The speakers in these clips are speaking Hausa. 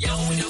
Yau da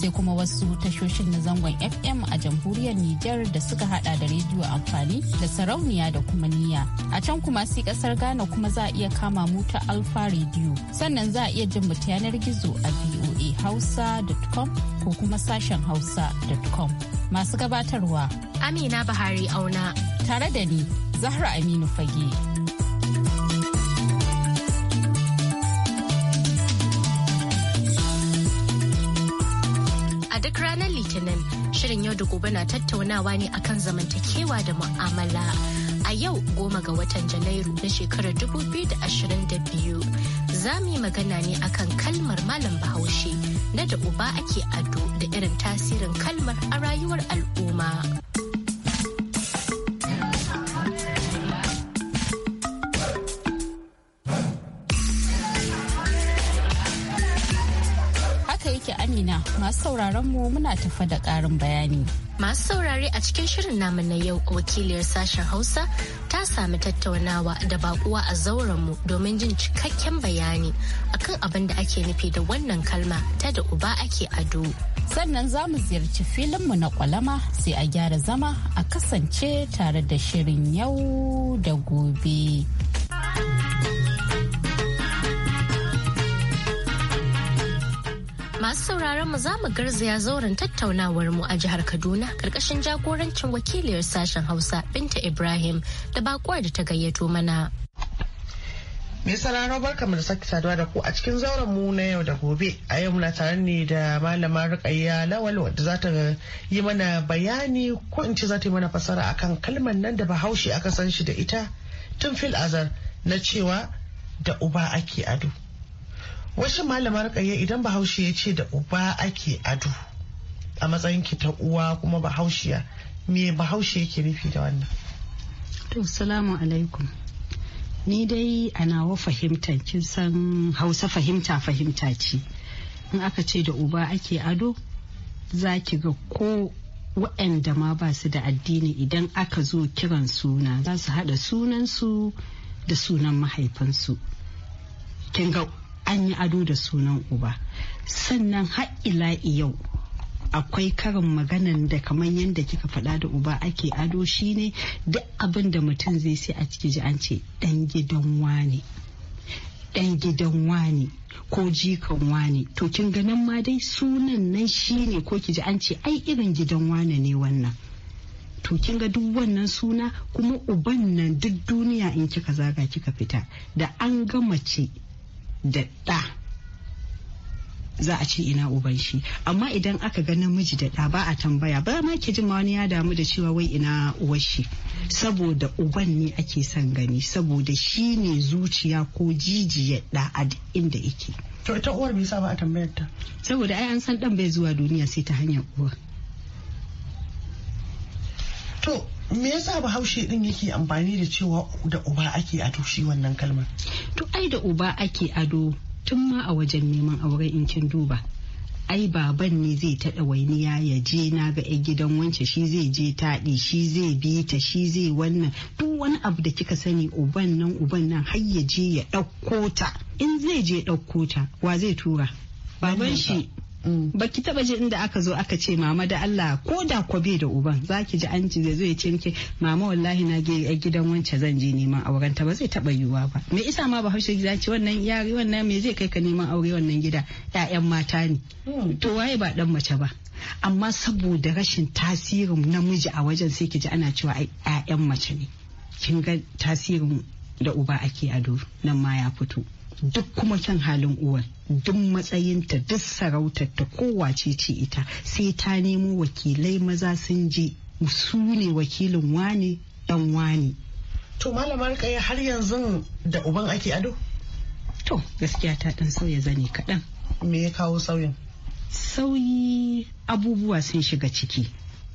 sai kuma wasu tashoshin na zangon FM a jamhuriyar Nijar da suka hada da rediyo amfani da sarauniya da kuma niya. A can kuma si kasar Ghana kuma za a iya kama mu ta Alfa Radio. Sannan za a iya jin yanar gizo a voa voahausa.com ko kuma sashen hausa.com. Masu gabatarwa Amina Bahari Auna. Tare da ni Zahra Aminu Fage. Shirin yau da gobe na tattaunawa ne akan zamantakewa da mu'amala. A yau goma ga watan Janairu na shekarar 2022 za mu yi magana ne akan kalmar Malam Bahaushe na da uba ake ado da irin tasirin kalmar a rayuwar al'umma. sauraron mu muna tafa da ƙarin bayani. Masu saurare a cikin shirin namu na yau wakiliyar sashen Hausa ta sami tattaunawa da bakuwa a zauren mu domin jin cikakken bayani akan abin da ake nufi da wannan kalma ta da uba ake ado. Sannan za mu ziyarci filinmu na kwalama sai a gyara zama a kasance tare da shirin yau da gobe. Masu sauraron mu za mu garzaya zauren tattaunawar mu a jihar Kaduna karkashin jagorancin wakiliyar sashen Hausa Binta Ibrahim da bakuwar da ta gayyato mana. Mai sauraro mu da sake saduwa da ku a cikin zauren mu na yau da gobe. A yau muna tare ne da malama Rukayya Lawal wadda za ta yi mana bayani ko in ce za ta yi mana fasara akan kalmar nan da Bahaushe aka san shi da ita tun fil azar na cewa da uba ake ado. Wasu malamar ƙaye idan bahaushe ya ce da uba ake adu a matsayin ki ta uwa kuma bahaushiya me bahaushe yake nufi da wannan. To salamu alaikum. Ni dai a nawa fahimta kin san hausa fahimta fahimta ce. In aka ce da uba ake ado za ki ga ko waɗanda ma ba su da addini idan aka zo kiran suna za su haɗa sunansu da sunan mahaifansu. Kin ga an yi ado da sunan uba sannan har ila yau akwai karin maganan da kamar yadda kika faɗa da uba ake ado shine duk abin da mutum zai sai a ciki ji an ce ɗan gidan wane ɗan gidan wane ko jikan wane to kin ganin ma dai sunan nan shine ko ki ji an ce ai irin gidan wane ne wannan to kin ga duk wannan suna kuma uban nan duk duniya in kika zaga kika fita da an ga mace da ɗa za a ce ina uban shi amma idan aka ga namiji da ɗa ba a tambaya ba ma ke jin wani ya damu da cewa wai ina uwar shi saboda uban ne ake son gani saboda shi ne zuciya ko jijiya ɗa a inda yake to ita uwar bai sa ba a tambayar ta saboda ai an san dan bai zuwa duniya sai ta hanyar uwa to me yasa bahaushe din yake amfani da cewa da uba ake ado shi wannan kalmar to ai da uba ake ado tun ma a wajen neman aure in kin duba ai baban ne zai taɗa wainiya ya je na ga 'yan gidan wance shi zai je taɗi shi zai bi ta shi zai wannan duk wani abu da kika sani uban nan uban nan har ya je ya ɗauko ta in zai je ɗauko ta wa zai tura baban shi Mm. baki taba ji inda aka zo aka ce mama da Allah ko da ko bai da uban ki ji an ji zai ce miki mama wallahi na ge a gidan wance zan je neman auren ta ba zai taba yiwuwa ba me isa ma ba haushe gida ce wannan yari wannan me zai kai ka neman aure wannan gida ƴaƴan mata ne mm. to waye ba dan mace ba amma saboda rashin tasirin namiji a wajen sai ki ji ana cewa ai ƴaƴan mace ne kin ga tasirin da uba ake ado nan ma ya fito duk kuma kyan halin uwar duk matsayinta duk sarautar ta kowace ce ita sai ta nemo wakilai maza sun je su ne wakilin wani dan wani. to malamar kai har yanzu da uban ake ado to gaskiya ta dan sauya zane kaɗan me ya kawo sauyin sauyi abubuwa sun shiga ciki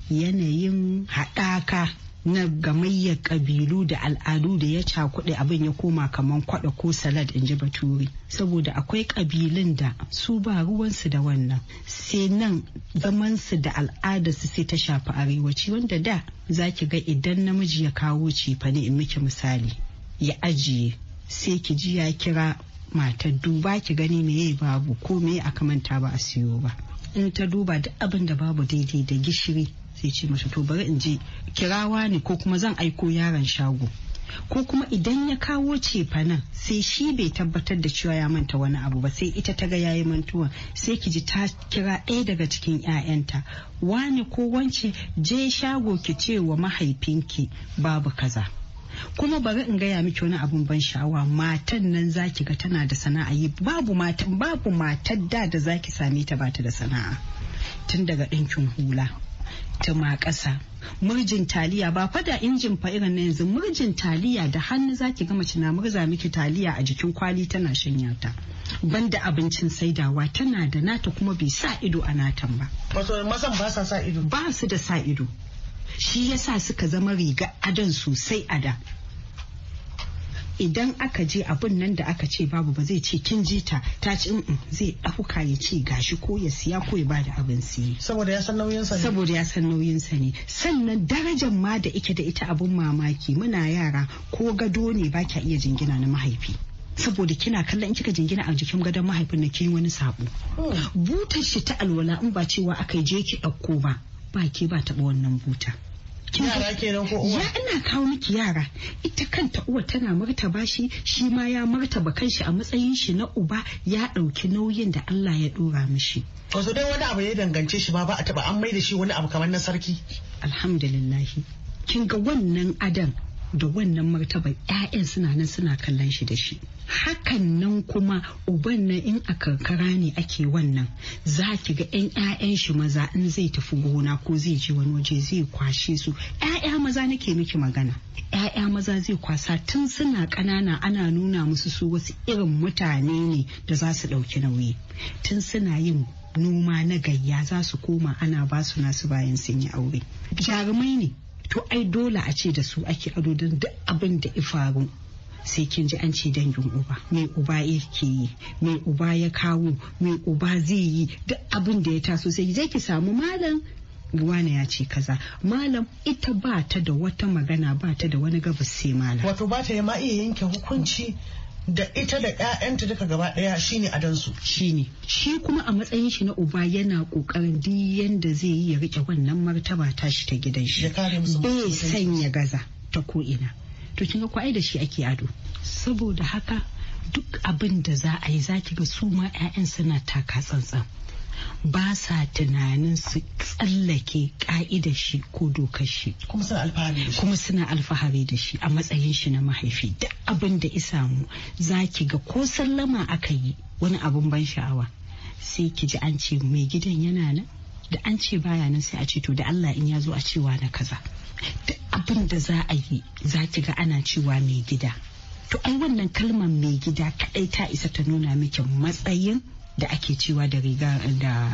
yanayin haɗaka na gamayyar kabilu da al'adu da ya cakuɗe abin ya koma kaman kwaɗa ko salad in ji baturi saboda akwai ƙabilun da su ba ruwansu da wannan sai nan zamansu da al'adarsu sai ta shafi arewaci wanda da za ki ga idan namiji ya kawo ne in miki misali ya ajiye sai ki ji ya kira matar duba ki gani me meye babu ko me aka manta ba a siyo ba in ta duba duk abin da babu daidai da gishiri sai ce mashi to bari in je kirawa ne ko kuma zan aiko yaron shago ko kuma idan ya kawo nan sai shi bai tabbatar da cewa ya manta wani abu ba sai ita ta ga yayi mantuwa sai ki ji ta kira ɗaya daga cikin 'ya'yanta wani ko wance je shago ki ce wa mahaifinki babu kaza kuma bari in gaya miki wani abun ban sha'awa matan nan zaki ga tana da sana'a yi babu matan babu matar da da zaki same ta bata da sana'a tun daga ɗinkin hula tuma ƙasa murjin taliya ba fada injin fa irin na yanzu murjin taliya da hannu zaki gama mace na murza miki taliya a jikin kwali tana shanya ta banda abincin saidawa tana da nata kuma bai sa ido a natan ba wato ba sa sa ido ba su da sa ido shi yasa suka zama riga adon sosai a da idan aka je abin nan da aka ce babu ba zai ce kin ji ta ta ci mm, mm, zai ɗauka ya ce gashi ko ya siya ko ya bada abin siye saboda ya san nauyin sa ne saboda ya san nauyin sa ne sannan darajar ma da ike da ita abun mamaki muna yara ko gado ne ba kya iya jingina na mahaifi saboda kina kallon in kika jingina a jikin gadon mahaifin na kin wani sabo hmm. butar shi ta alwala in ba cewa aka je ki ɗauko ba ba ke ba taɓa wannan buta yara kenan ko uwa ya ina kawo miki yara ita kanta uwa tana martaba shi shi ma ya martaba kanshi a matsayin shi na uba ya dauki nauyin da Allah ya dora mishi so dai wani abu ya dangance shi ba ba a taba an maida shi wani abu kamar na sarki alhamdulillah kin ga wannan adam da wannan martaban 'ya'yan suna nan suna kallon shi da shi hakan nan kuma uban nan in a karkara ne ake wannan za ki ga 'yan 'ya'yan shi maza in zai tafi gona ko zai je wani waje zai kwashe su 'ya'ya maza nake miki magana 'ya'ya maza zai kwasa tun suna ƙanana ana nuna musu su wasu irin mutane ne da za su ɗauki nauyi tun suna yin noma na gayya za su koma ana ba su nasu bayan sun yi aure jarumai ne to ai dole a ce da su ake ado don duk abin da ifaru sai kin ji an ce dangin uba mai uba yake yi mai uba ya kawo mai uba zai yi duk abin da ya taso sai zai ki samu malam wane ya ce kaza malam ita ba ta da wata magana ba ta da wani gabas sai malam wato ba ta ma iya yanke hukunci da ita da ƴaƴanta duka gaba ɗaya shine adansu shine shi kuma a matsayin shi na uba yana kokarin duk yanda zai yi ya rike wannan martaba ta shi ta gidan shi bai eh, sanya gaza ta ko ina to kin ga da shi ake ado saboda haka duk abin da za a yi zaki ga su ma 'ya'yan suna taka tsantsan ba sa tunanin su tsallake ka'ida shi ko dokar shi kuma suna alfahari da shi a matsayin shi na mahaifi Da abin da isa mu za ki ga ko sallama aka yi wani abin ban sha'awa sai ki ji an ce mai gidan yana nan da an ce baya nan sai a ce to da Allah in ya zo a cewa na kaza Da abin da za a yi za ki ga ana cewa mai gida to ai wannan kalmar mai gida kaɗai ta isa ta nuna miki matsayin da ake cewa da riga da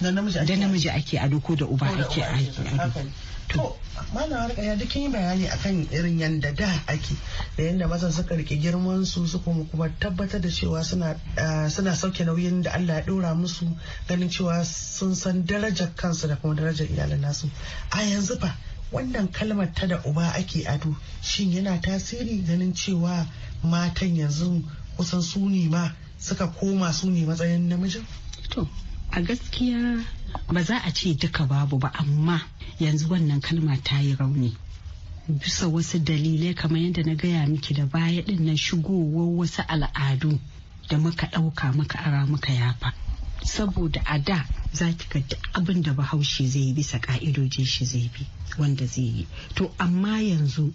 da namiji ake ado ko da uba ake ake ado to malama harka ya duk yi bayani akan irin yanda da ake da yanda mazan suka rike girman su su kuma tabbatar da cewa eh, suna sauke nauyin da Allah ya dora musu ganin cewa sun san darajar kansu da kuma darajar iyalan nasu a yanzu fa wannan kalmar ta da uba ake ado shin yana tasiri ganin cewa matan yanzu kusan su ne ma suka koma su ne matsayin namijin? To, a gaskiya ba za a ce duka babu ba amma yanzu wannan kalma ta yi rauni. Bisa wasu dalilai kamar yadda na gaya miki da baya din nan shigowar wasu al'adu da muka ɗauka muka ara muka yafa. Saboda a da za ki ga duk abin da bahaushe zai bisa ka'idojin shi zai bi wanda zai yi to amma yanzu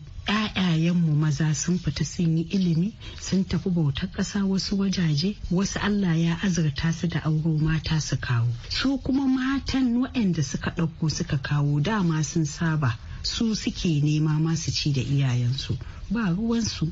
mu maza sun fita sun yi ilimi sun tafi bautar ƙasa wasu wajaje wasu Allah ya azurta su da auro mata su kawo su kuma matan waɗanda suka ɗauko suka kawo dama sun saba su suke nema masu ci da iyayensu ba ruwansu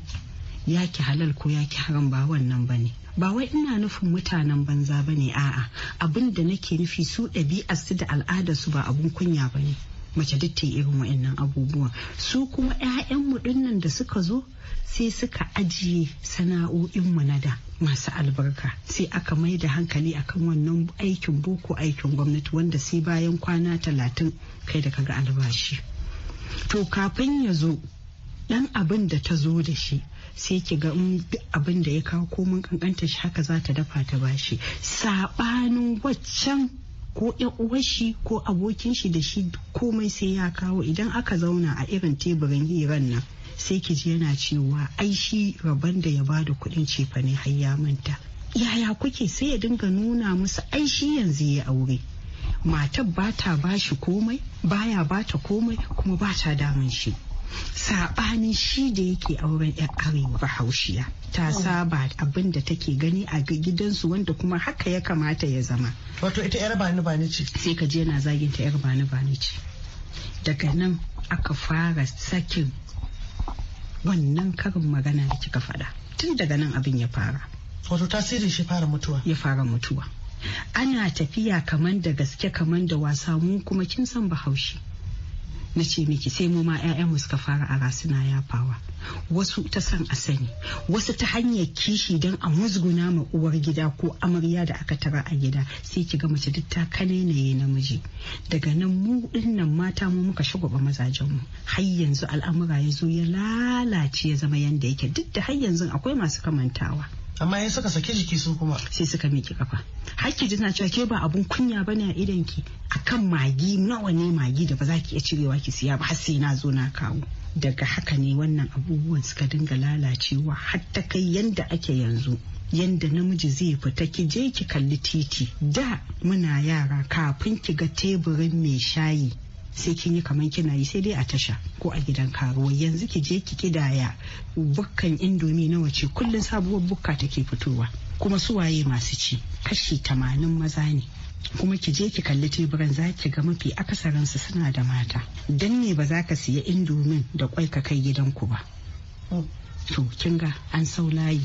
ya ki halal ko ya ki haram ba wannan ba ne. ba wai ina nufin mutanen banza ba ne a'a abin da nake nufi su ɗabi'ar su da al'adar su ba abun kunya ba ne mace duk ta irin wa'annan abubuwa su kuma 'ya'yanmu ɗinnan da suka zo sai suka ajiye sana'o'inmu na da masu albarka sai aka mai da hankali akan wannan aikin boko aikin gwamnati wanda sai bayan kwana talatin kai da kaga albashi to kafin ya zo dan abin da ta zo da shi sai ki ga abin da ya kawo komin kankanta shi haka za ta dafa ta bashi sabanin waccan ko yan shi ko abokin shi da shi komai sai ya kawo idan aka zauna a irin teburin hiran nan sai ki ji yana cewa ai shi rabon da ya bada kuɗin cefa ne har ya manta yaya kuke sai ya dinga nuna musu ai shi yanzu ya aure matar bata bashi komai baya bata komai kuma bata ta damun shi Saɓani shi da yake auren 'yan arewa bahaushiya ta oh. saba abin da take gani a gidansu wanda kuma haka ya kamata ya zama wato ita yar bani bani ce sai ka je na zagin yar bani bani ce daga nan aka fara sakin wannan karin magana da kika faɗa tun daga nan abin ya fara wato tasirin shi fara mutuwa ya fara mutuwa ana tafiya kaman da gaske kaman da wasa mu kuma kin san bahaushe na ce miki sai mu ma mu suka fara ara suna yafawa wasu ta san a sani wasu ta hanyar kishi don a musguna ma uwar gida ko amarya da aka tara a gida sai ki ga mace duk ta kanenaye namiji daga nan mu dinnan mata mu muka shagwaba mu har yanzu al'amura ya zo ya lalace ya zama yanda yake duk da har yanzu akwai masu kamantawa amma ya suka sake jiki su kuma sai suka miƙe kafa hakki tana cewa ke ba abun kunya bane a idan ki akan magi nawa ne magi da ba za ki iya cirewa ki siya ba har sai na zo na kawo daga haka ne wannan abubuwan suka dinga lalacewa har ta kai yanda ake yanzu yanda namiji zai fita ki je ki kalli titi da muna yara kafin ki ga teburin mai shayi sai kin yi kaman kina yi sai dai a tasha ko a gidan karuwa yanzu ki je ki kidaya bukkan indomi nawa ce kullun sabuwar bukka take fitowa kuma su waye masu ci kashi tamanin maza ne kuma ki je ki kalli teburan za ki ga mafi akasarinsu suna da mata dan ne ba za ka siya indomin da kwai ka kai gidanku ba mm. to kin ga an sau layi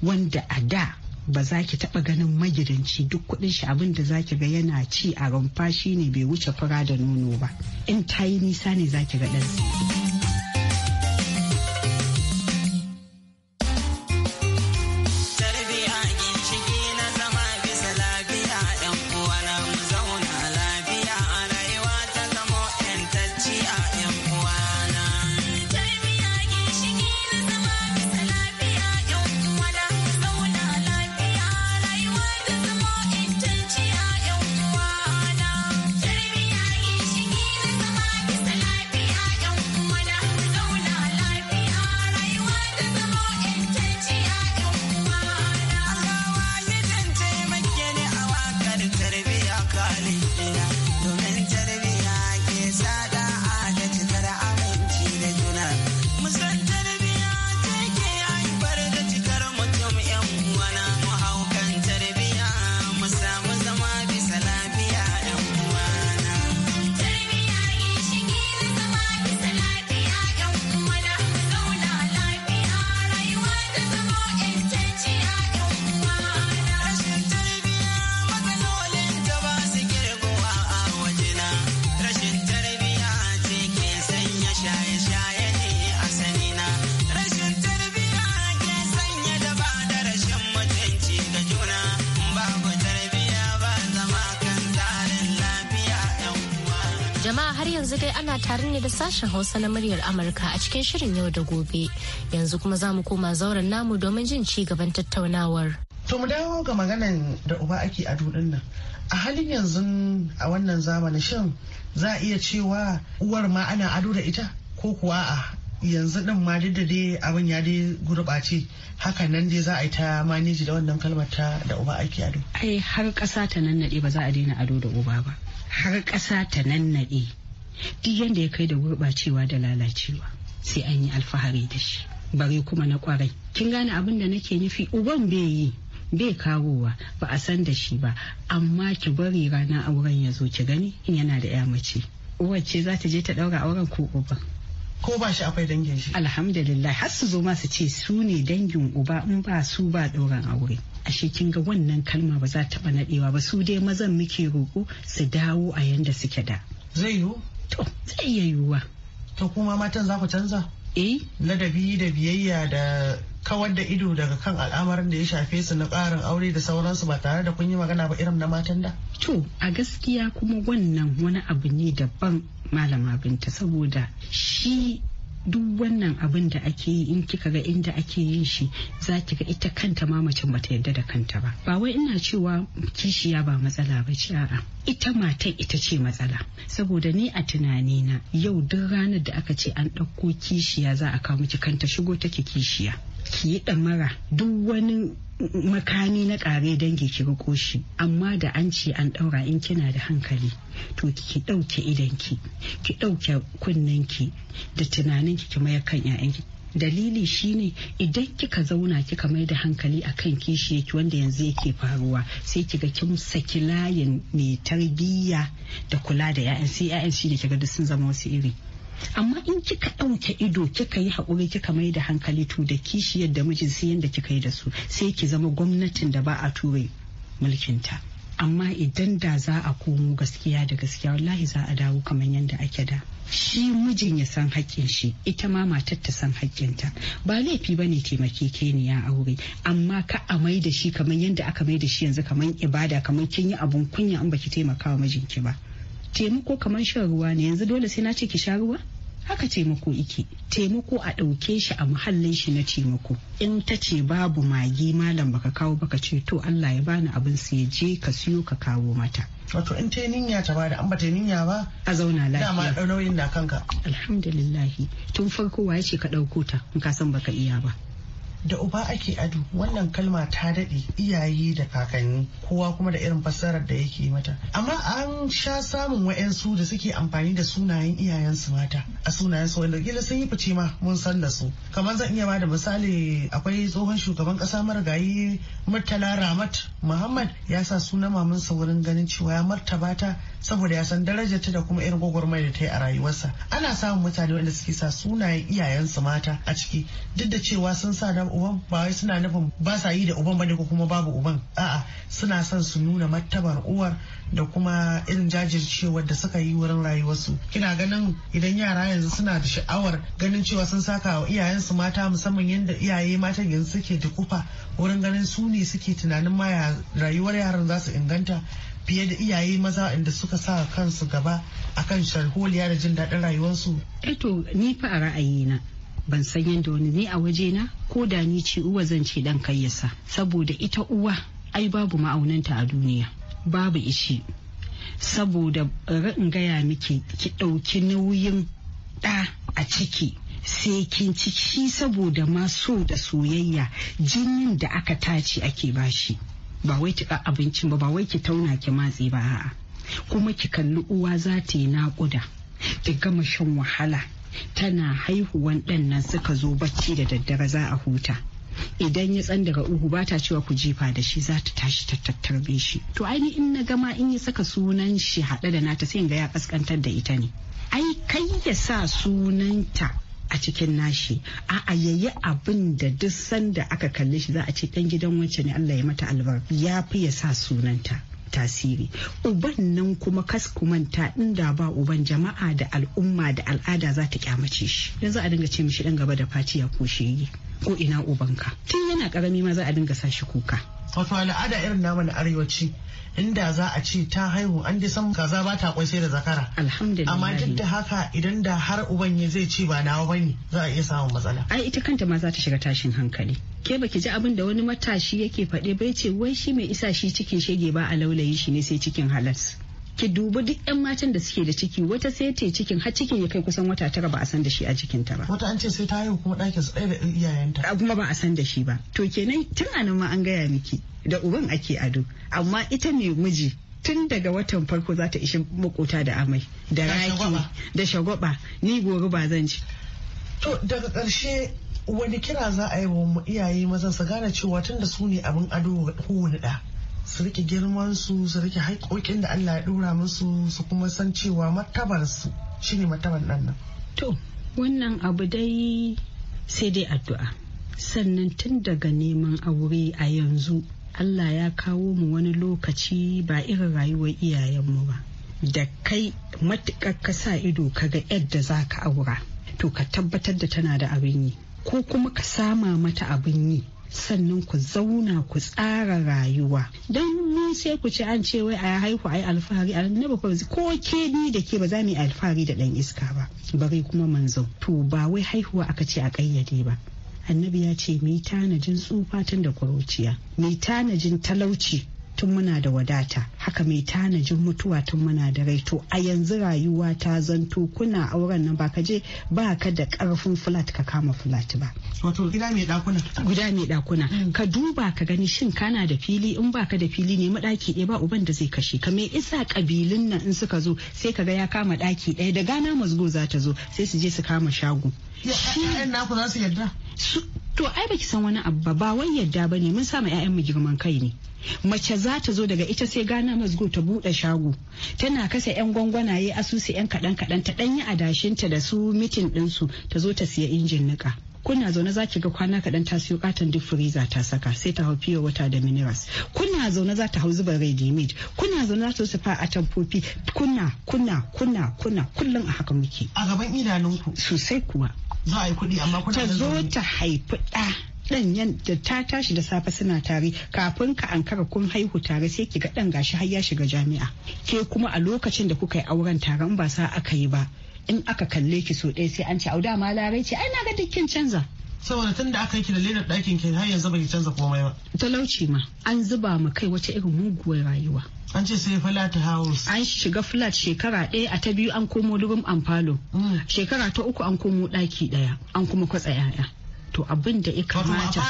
wanda a da ba za ki taɓa ganin magidanci duk kudin shi abin da za ki ga yana ci a rumfa shine bai wuce fura da nono ba in ta yi nisa ne za ki ga ɗansa. yanzu dai ana tare ne da sashen Hausa na muryar Amurka a cikin shirin yau da gobe. Yanzu kuma za mu koma zauren namu domin jin ci gaban tattaunawar. To mu dawo ga maganan da uba ake a dudin nan. A halin yanzu a wannan zamanin shin za a iya cewa uwar ma ana ado da ita ko kuwa a yanzu din ma duk da dai abin ya dai gurɓace hakan nan dai za a yi ta maneji da wannan kalmar ta da uba ake ado. Ai har ƙasa ta nan ba za a daina ado da uba ba. Har ƙasa ta nan duk yadda ya kai da gurɓacewa da lalacewa sai an yi alfahari da shi bare kuma na kwarai kin gane abin da nake nufi uban bai yi bai kawowa ba a san da shi ba amma ki bari rana auren ya zo ki gani in yana da ya mace wacce za ta je ta ɗaura auren ko uban ko ba shi akwai dangin shi alhamdulillah har su zo ma su ce su ne dangin uba in ba su ba ɗaurin aure ashe kin ga wannan kalma ba za ta nadewa ba su dai mazan muke roko su dawo a yanda suke da zai yiwu To zai iya yiwuwa. To kuma matan za ku canza? Eh. Ladabi da biyayya da kawar da ido daga kan al'amarin da ya shafe su na ƙarin aure da sauransu ba tare da kun yi magana ba irin na matan da? To a gaskiya kuma wannan wani abu ne daban malama binta saboda shi duk wannan abin da ake yi in kika ga inda ake yin shi za ki ga ita kanta ma macen bata yarda da kanta ba ba wai ina cewa kishiya ba matsala ba ce a'a ita mata ita ce matsala saboda ni a tunani na yau duk ranar da aka ce an ɗauko kishiya za a kawo miki kanta shigo take kishiya ki yi ɗamara duk wani makami na ƙare dangi ki riko shi amma da an ce an ɗaura in kina da hankali to ki dauke idanki ki dauke kunnenki da tunaninki ki mayar kan 'ya'yanki dalili shine idan kika zauna kika mai da hankali akan kishi yake wanda yanzu yake faruwa sai kiga kin saki layin mai tarbiyya da kula da 'ya'yan sai 'ya'yan shine kiga duk sun zama wasu iri amma in kika ɗauke ido kika yi haƙuri kika mai da hankali to da kishiyar da mijin sai yadda kika yi da su sai ki zama gwamnatin da ba a ture mulkinta amma idan da za a komo gaskiya da gaskiya wallahi za a dawo kamar yadda ake da shi mijin ya san haƙƙin shi ita ma matar ta san haƙƙinta ba laifi ba ne ya aure amma ka a mai da shi kamar yadda aka mai da shi yanzu kamar ibada kamar kin yi abun kunya an baki taimaka wa mijinki ba taimako kamar shan ruwa ne yanzu dole sai na ce ki sha ruwa haka taimako ike taimako a ɗauke shi a muhallin shi na taimako in ta ce babu magi malam baka kawo baka ce to Allah ya bani abin su ya je ka siyo ka kawo mata wato in ta ninya ta bada an bata ninya ba a zauna lafiya dama nauyin da kanka alhamdulillah tun farko waye ce ka ɗauko ta in ka san baka iya ba da uba ake ado wannan kalma ta daɗe iyaye da kakanni kowa kuma da irin fassarar da yake mata amma an sha samun wa'yansu da suke amfani da sunayen iyayensu mata a sunayen su wanda gila sun yi fice ma mun san da su kamar zan iya bada misali akwai tsohon shugaban kasa marigayi murtala ramat muhammad ya sa sunan mamansa wurin ganin cewa ya martaba ta saboda ya san darajarta da kuma irin gwagwarmai da ta yi a rayuwarsa ana samun mutane wanda suke sa sunayen iyayensu mata a ciki duk da cewa sun sa da uban ba wai suna nufin ba sa yi da uban bane ko kuma babu uban a'a suna son su nuna martabar uwar da kuma irin jajircewar da suka yi wurin rayuwarsu kina ganin idan yara yanzu suna da sha'awar ganin cewa sun saka wa iyayensu mata musamman yadda iyaye mata yanzu suke da kufa wurin ganin su ne suke tunanin ma rayuwar yaran za su inganta fiye da iyaye maza inda suka sa kansu gaba akan sharholiya da jin daɗin rayuwarsu. Eto eh ni fa a ra'ayina ban san yadda wani ne a wajena ko da ni ce uwa zan ce dan kayyasa saboda ita uwa ai babu ma'aunanta a duniya babu ishi saboda in gaya miki ki ɗauki nauyin ɗa a ciki sai kin ci shi saboda ma so da soyayya jinin da aka tace ake bashi ba wai ki abincin ba ba wai ki tauna ki matsi ba a'a kuma ki kalli uwa za ta yi naƙuda ki gama shan wahala tana haihuwan ɗan nan suka zo bacci da daddare za a huta idan ya tsan daga uhu ba ta cewa ku jifa da shi za ta tashi ta tattarbe shi to aini in na gama in ya saka sunan shi haɗe da nata sai ga ya kaskantar da ita ne ai kai ya sa sunanta a cikin nashi a yayi abin da duk sanda aka kalle shi za a ce ɗan gidan wance ne Allah ya mata albar ya fi ya sa sunanta tasiri uban nan kuma kas kumanta inda ba uban jama'a da al'umma da al'ada za ta kyamace shi za a dinga ce mishi dan gaba da faciya ko shege ko ina ubanka tun yana karami ma za a dinga sa shi kuka wato al'ada irin namu na arewaci inda za a ce ta haihu an ji san kaza ba ta kwai sai da zakara alhamdulillah amma duk da haka idan da har uban ya zai ce ba nawa bane za a iya samun matsala ai ita kanta ma za ta shiga tashin hankali ke baki ji abin da wani matashi yake faɗe bai ce wai shi mai isa shi cikin shege ba a laulayi shi ne sai cikin halas ki dubi duk yan matan da suke da ciki wata sai ta cikin har cikin ya kai kusan wata tara ba a san da shi a jikin ta ba wata an ce sai ta haihu kuma ɗakin su ɗaya da iyayenta kuma ba a san da shi ba to kenan tun nan ma an gaya miki da uban ake ado amma ita ne miji tun daga watan farko za ta ishi makota da amai da raki da shagwaba ni gobe ba zan ci to daga karshe wani kira za a yi wa iyaye maza su gane cewa tun da su ne abin ado kowane ɗa su rike girman su su rike haƙoƙin da Allah ya dora musu su kuma san cewa martabar su shine matabar ɗan nan to wannan abu dai sai dai addu'a sannan tun daga neman aure a yanzu Allah ya kawo mu wani lokaci ba irin rayuwar iyayenmu ba da kai matukar ka sa ido ka ga yadda za ka aura to ka tabbatar da tana da abin yi ko kuma ka sama mata abin yi sannan ku zauna ku tsara rayuwa don mun sai ku ci an ce wai a haihu a yi alfahari a annabi ko ko ke ni da ke ba za mu yi alfahari da dan iska ba bari kuma manzo to ba wai haihuwa aka ce a kayyade ba annabi ya ce mai tanajin tsufa tun da kwaruciya mai tanajin talauci tun muna da wadata haka mai tanajin mutuwa tun muna da rai to a yanzu rayuwa ta zanto kuna auren nan ba ka je ba ka da karfin flat ka kama flat ba wato gida mai dakuna gida mai dakuna mm. ka duba ka gani shin kana da fili in baka da fili ne madaki ɗaya ba uban da zai kashe ka mai isa kabilun nan in suka zo sai ka ga ya kama daki ɗaya da gana mazgo za ta zo sai su je su kama shago shi naku za su yarda to ai baki san wani abu ba wai yadda ba ne mun sama mu girman kai ne mace za ta zo daga ita sai gana mazgo ta bude shago tana kasa yan gwangwanaye asusu yan kadan kadan ta danyi adashinta da su mitin ɗinsu ta zo ta siya injin nika kuna zaune za ki ga kwana kaɗan ta siyo katon duk freezer ta saka sai ta hau fiye wata da minerals kuna zaune za ta hau zuba ready made kuna zaune za ta fa a tamfofi kuna kuna kuna kuna kullum a haka muke a gaban idanunku sosai kuwa za a yi kuɗi amma kuɗi ta zo ta haifi ɗa dan da ta tashi da safe suna tare kafin ka ankara kun haihu tare sai ki ga dan gashi har ya shiga jami'a ke kuma a lokacin da kuka yi auren taron ba sa aka yi ba in aka kalle ki so ɗaya sai an ce au ma larai ce ai na ga dukkin canza saboda tun da aka yi da ledar ɗakin ke har yanzu bai canza komai ba talauci ma an zuba ma kai wata irin muguwar rayuwa an ce sai flat house an shiga flat shekara ɗaya a ta biyu an komo durum amfalo mm. shekara ta uku an komo ɗaki ɗaya an kuma kwatsa 'ya'ya to abin da ya kamata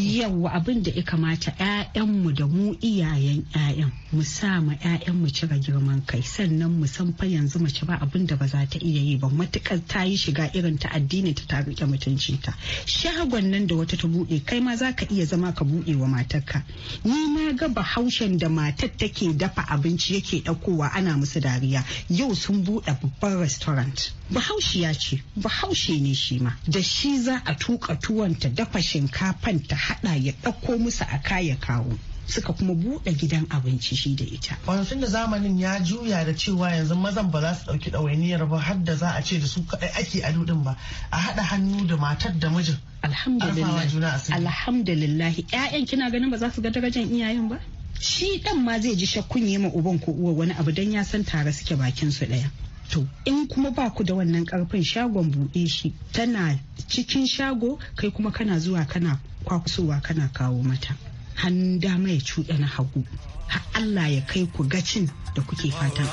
yawa abin da ya kamata ƴaƴanmu da mu iyayen ƴaƴan mu sa ma ƴaƴan mu cire girman kai sannan mu san fa yanzu mace ba abin da ba za ta iya yi ba matukar ta yi shiga irin ta addini ta ta rike mutunci ta shagon nan da wata ta buɗe kai ma za ka iya zama ka buɗe wa matarka ni ma ga bahaushen da matar take dafa abinci yake ɗaukowa ana musu dariya yau sun buɗe babban restaurant bahaushiya ce bahaushe ne shi ma da shi za a tura tuka tuwon ta dafa shinkafan ta hada ya ɗauko musu a kaya kawo suka kuma buɗe gidan abinci shi da ita. Wadatun da zamanin ya juya da cewa yanzu mazan ba za su ɗauki ɗawainiyar ba har da za a ce da su kadai ake ado ɗin ba a haɗa hannu da matar da mijin. Alhamdulillah. Alhamdulillah. ‘Ya'yan kina ganin ba za su ga darajar iyayen ba? Shi ɗan ma zai ji shakkun yi ma uban ko uwa wani abu don ya san tare suke bakin su daya. to in kuma ba ku da wannan karfin shagon buɗe shi tana cikin shago kai kuma kana zuwa kana kwakusowa kana kawo mata hannun dama ya cuɗa na hagu har Allah ya kai ku gacin da kuke fatan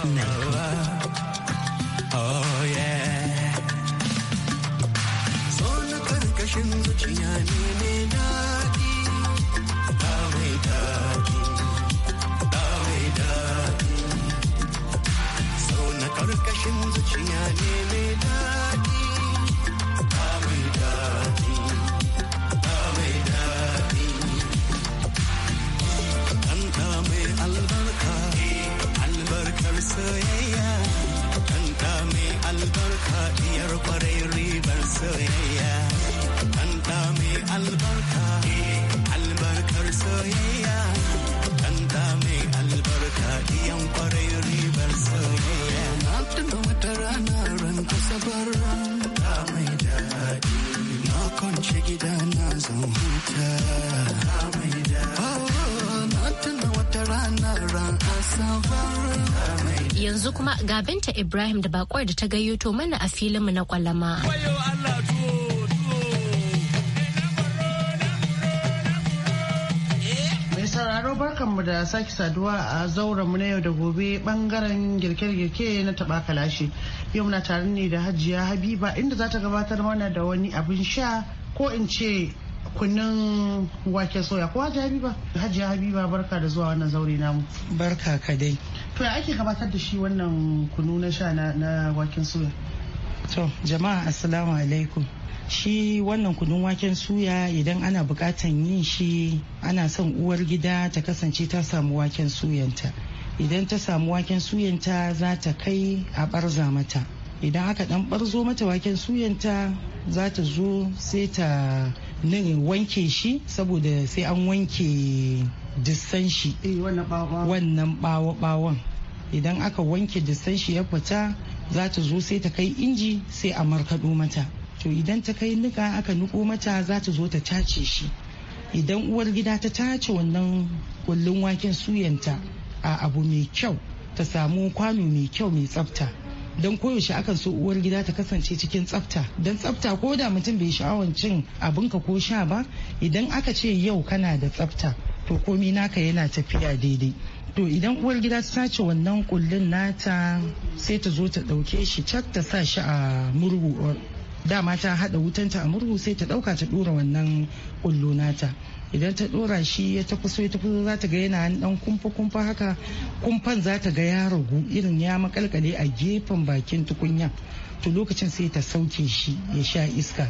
Allah ya kai Binta Ibrahim da bakwar da ta gayyato mana a filinmu na kwalama. sauraro barkanmu da sake saduwa a zauranmu na yau da gobe bangaren girke-girke na taba kalashi yau muna tare ne da hajiya habiba inda za ta gabatar mana da wani abin sha ko in ce kunnin wake soya ko hajiya habiba hajiya habiba barka da zuwa wannan zaure namu barka ka dai to ya ake gabatar da shi wannan kunu na sha na waken suya to jama'a assalamu alaikum shi wannan kunun waken suya idan ana bukatan yin shi ana son uwar gida ta kasance ta samu waken suyanta idan ta samu waken suyanta za ta kai a barza mata idan aka dan barzo mata waken suyanta za ta zo sai ta wanke shi saboda sai an wanke dusan shi eh, wannan bawo-bawon idan aka wanke dusan shi ya fita za ta zo sai ta kai inji sai a markaɗo mata to idan ta kai nika aka niko mata za ta zo ta tace shi idan uwar gida ta tace wannan kullun waken suyanta a abu mai kyau ta samu kwano mai kyau mai tsafta don koyaushe akan so uwar gida ta kasance cikin tsafta don tsafta ko da mutum bai sha'awancin abinka ko sha ba idan aka ce yau kana da tsafta to komi naka yana tafiya daidai to idan uwar gida ta sace wannan kullun nata sai ta zo ta dauke shi cak ta sa shi a murhu dama ta hada wutanta a murhu sai ta dauka ta dora wannan kullu nata idan ta dora shi ya ta kuso ta za ta ga yana dan kumfa kumfa haka kumfan za ta ga ya ragu irin ya makalkale a gefen bakin tukunya to lokacin sai ta sauke shi ya sha iska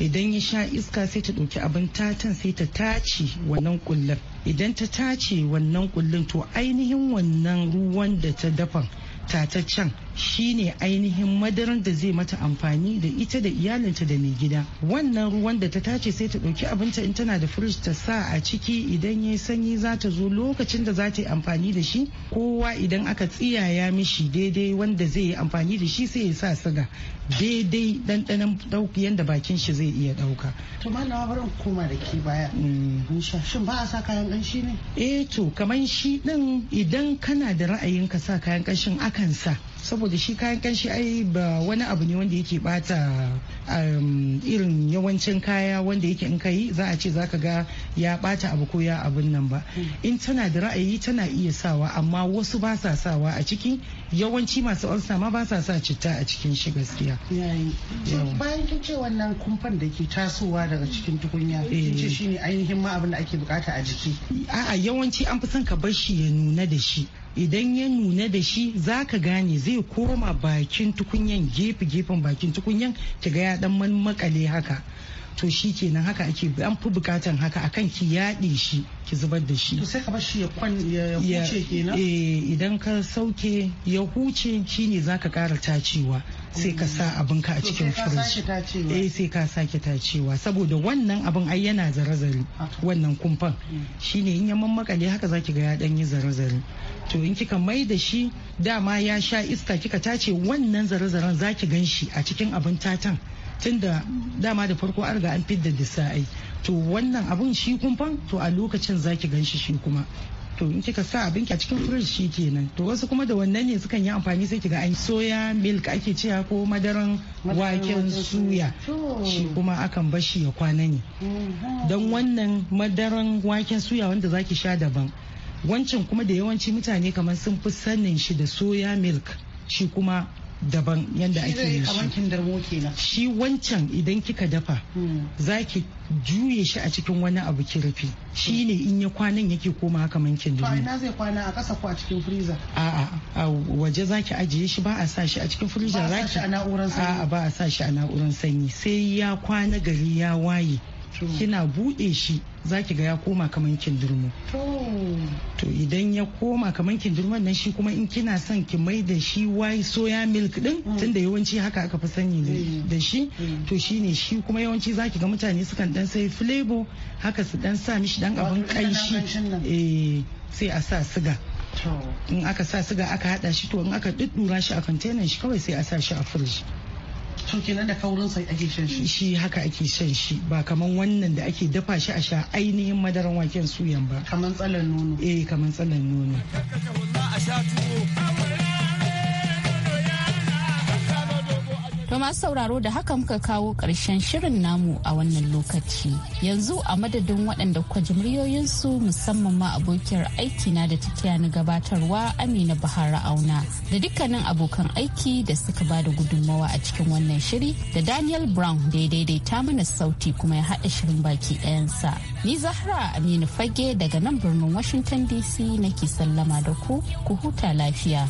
idan ya sha iska sai ta ɗauki abin tatan sai ta tace wannan kullum idan ta tace wannan kullin to ainihin wannan ruwan da ta dafa tataccen shine ainihin madaran da zai mata amfani da ita da iyalinta da mai gida wannan ruwan da ta tace sai ta ɗauki abinta in tana da firij ta sa a ciki idan ya sanyi za ta zo lokacin da za ta yi amfani da shi kowa idan aka tsiyaya mishi daidai wanda zai yi amfani da shi sai ya sa siga daidai ɗanɗanon ɗauki yadda bakin shi zai iya ɗauka. to na barin koma da ke baya mm. shin ba a sa kayan ƙanshi ne. eh to kamar shi ɗin idan kana da ra'ayin ka sa kayan ƙanshin akan sa saboda saboda shi kayan kanshi ai ba wani abu ne wanda yake bata um, irin yawancin kaya wanda yake in kai za a ce zaka ga ya bata abu ko ya abun nan ba in tana da ra'ayi tana iya sawa amma wasu ba sa sawa a ciki yawanci masu ulcer ma ba sa sa citta a cikin shi gaskiya bayan kin ce wannan kumfan da ke tasowa daga cikin tukunya kin ce eh. shine ainihin ma abin da ake bukata a jiki a'a yawanci an fi son ka bar shi ya nuna da shi idan ya nuna da shi za ka gane zai koma bakin tukunyan gefe gefen bakin tukunyan ga ya dan man makale haka to shi kenan haka ake an fi bukatan haka akan ki yaɗe shi ki zubar da shi sai ka shi ya kwan huce kenan eh, idan ka sauke ya huce shine zaka ƙara tacewa sai ka sa abin ka a cikin firij eh, sai ka sake tacewa saboda wannan abin ai yana zare-zare wannan kumfan mm. shine in ya mammakale haka zaki ga ya dan yi zare to in kika mai da shi dama ya sha iska kika tace wannan zare-zaren zaki gan shi a cikin abin tatan tunda dama da farko an riga an fidda da sa'ai to wannan abun shi kumfan to a lokacin zaki ganshi shi kuma to in kika sa abin ki a cikin fridge kenan to wasu kuma da wannan ne sukan yi amfani sai kiga an soya milk ake cewa ko madaran waken suya shi kuma akan bashi ya kwana ne don wannan madaran waken suya wanda zaki sha daban wancan kuma da yawanci mutane kamar sun fi sanin shi da soya milk shi kuma daban yadda ake yin shi shi wancan idan kika dafa hmm. za ki juye shi a cikin wani abu ki rufe shi ne in ya kwanan yake koma haka mankin to ina zai kwana a ƙasa ko a cikin freezer a a waje za ki ajiye shi ba a sa shi a cikin freezer za ki a ba a sa shi a na'urar sanyi sai ya kwana gari ya waye kina buɗe shi za zaki ga ya koma kaman kindirmo to idan ya koma kaman kindirmon nan shi kuma in kina son ki mai da shi wai soya milk din mm. tunda yawanci haka aka fi sani da mm. shi mm. to shine shi kuma yawanci za ki ga mutane sukan dan sai flavor haka su dan sa mishi dan abin kanshi eh sai a sa siga in aka sa siga aka hada shi to in aka duddura shi a kwantenan shi kawai sai a sa shi a firiji to kenan da kaurin sai ake shan shi shi haka ake shan shi ba kaman wannan da ake dafa shi a sha ainihin madaran waken suyan ba kaman tsalan nono eh kaman tsalan nono a sha To masu sauraro da haka muka kawo ƙarshen shirin namu a wannan lokaci. Yanzu a madadin waɗanda kwa jimriyoyinsu musamman ma abokiyar aikina da ta na gabatarwa Amina Bahara Auna da dukkanin abokan aiki da suka ba da gudunmawa a cikin wannan shiri da Daniel Brown da ya daidaita mana sauti kuma ya haɗa shirin baki ɗayansa. Ni Zahra Aminu Fage daga nan birnin Washington DC nake sallama da ku, ku huta lafiya.